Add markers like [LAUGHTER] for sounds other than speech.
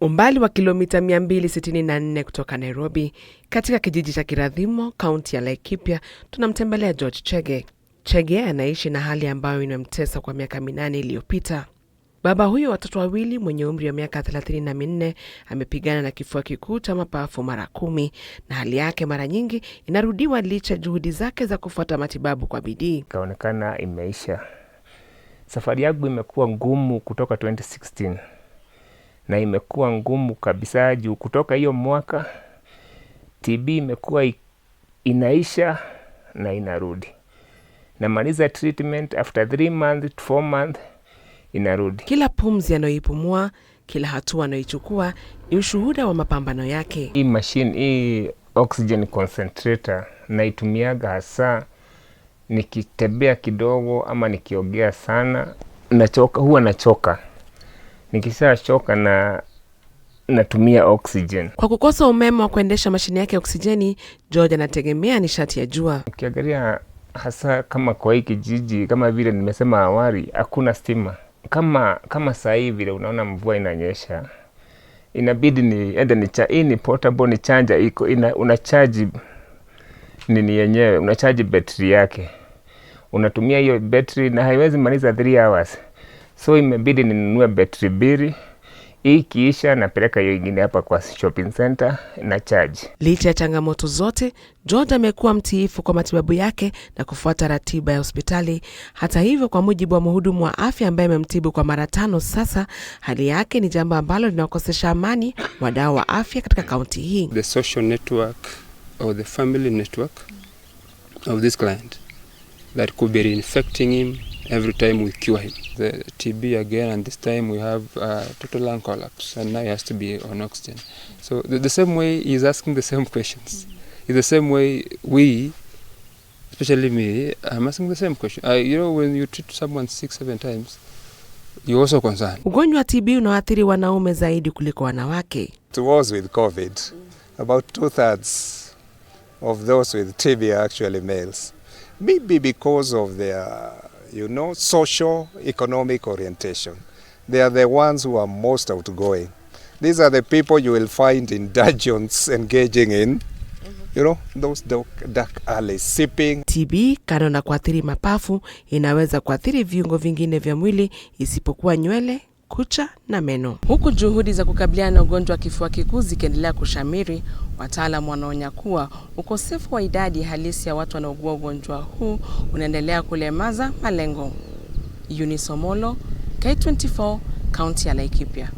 umbali wa kilomita 264 kutoka Nairobi, katika kijiji cha kiradhimo kaunti ya Laikipia, tunamtembelea George Chege. Chege anaishi na hali ambayo inamtesa kwa miaka minane iliyopita. Baba huyo watoto wawili mwenye umri wa miaka 34 amepigana na kifua kikuu cha mapafu mara kumi na hali yake mara nyingi inarudiwa licha juhudi zake za kufuata matibabu kwa bidii. Ikaonekana imeisha. Safari yangu imekuwa ngumu kutoka na imekuwa ngumu kabisa juu kutoka hiyo mwaka TB imekuwa inaisha na inarudi. Namaliza treatment after 3 month, 4 month inarudi. Kila pumzi anayoipumua, kila hatua anayoichukua ni ushuhuda wa mapambano yake. Hii mashine hii oxygen concentrator naitumiaga hasa nikitembea kidogo ama nikiogea sana, nachoka, huwa nachoka nikishachoka na natumia oxygen. Kwa kukosa umeme wa kuendesha mashine yake ya oksijeni, George anategemea nishati ya jua. Ukiangalia hasa kama kwa hii kijiji, kama vile nimesema awali, hakuna stima kama kama saa hii vile unaona mvua inanyesha, inabidi niende ni cha hii ni portable ni chanja iko ina, unachaji nini yenyewe, unachaji betri yake, unatumia hiyo betri na haiwezi maliza 3 hours. So imebidi ninunue betri mbili hii kiisha napeleka hiyo ingine hapa kwa shopping center na charge. Licha ya changamoto zote, George amekuwa mtiifu kwa matibabu yake na kufuata ratiba ya hospitali. Hata hivyo, kwa mujibu wa mhudumu wa afya ambaye amemtibu kwa mara tano sasa, hali yake ni jambo ambalo linakosesha amani wadau wa afya katika kaunti hii. The social network or the family network of this client that could be infecting him every time we cure him. The TB again, and this time we have a uh, total lung collapse, and now he has to be on oxygen. So the, the same way he's asking the same questions. In the same way we, especially me, I'm asking the same question. Uh, you know, when you treat someone six, seven times, you also concerned. Ugonjwa wa TB unawaathiri wanaume zaidi kuliko wanawake. It was with COVID. About two thirds of those with TB are actually males. Maybe because of their you know, social economic orientation. They are the ones who are most outgoing. These are the people you will find in dungeons [LAUGHS] engaging in You know, those dark, dark alleys, sipping. TB kando na kuathiri mapafu inaweza kuathiri viungo vingine vya mwili isipokuwa nywele kucha na meno. Huku juhudi za kukabiliana na ugonjwa wa kifua kikuu zikiendelea kushamiri, wataalamu wanaonya kuwa ukosefu wa idadi halisi ya watu wanaougua ugonjwa huu unaendelea kulemaza malengo. Yunisomolo, K24, kaunti ya Laikipia.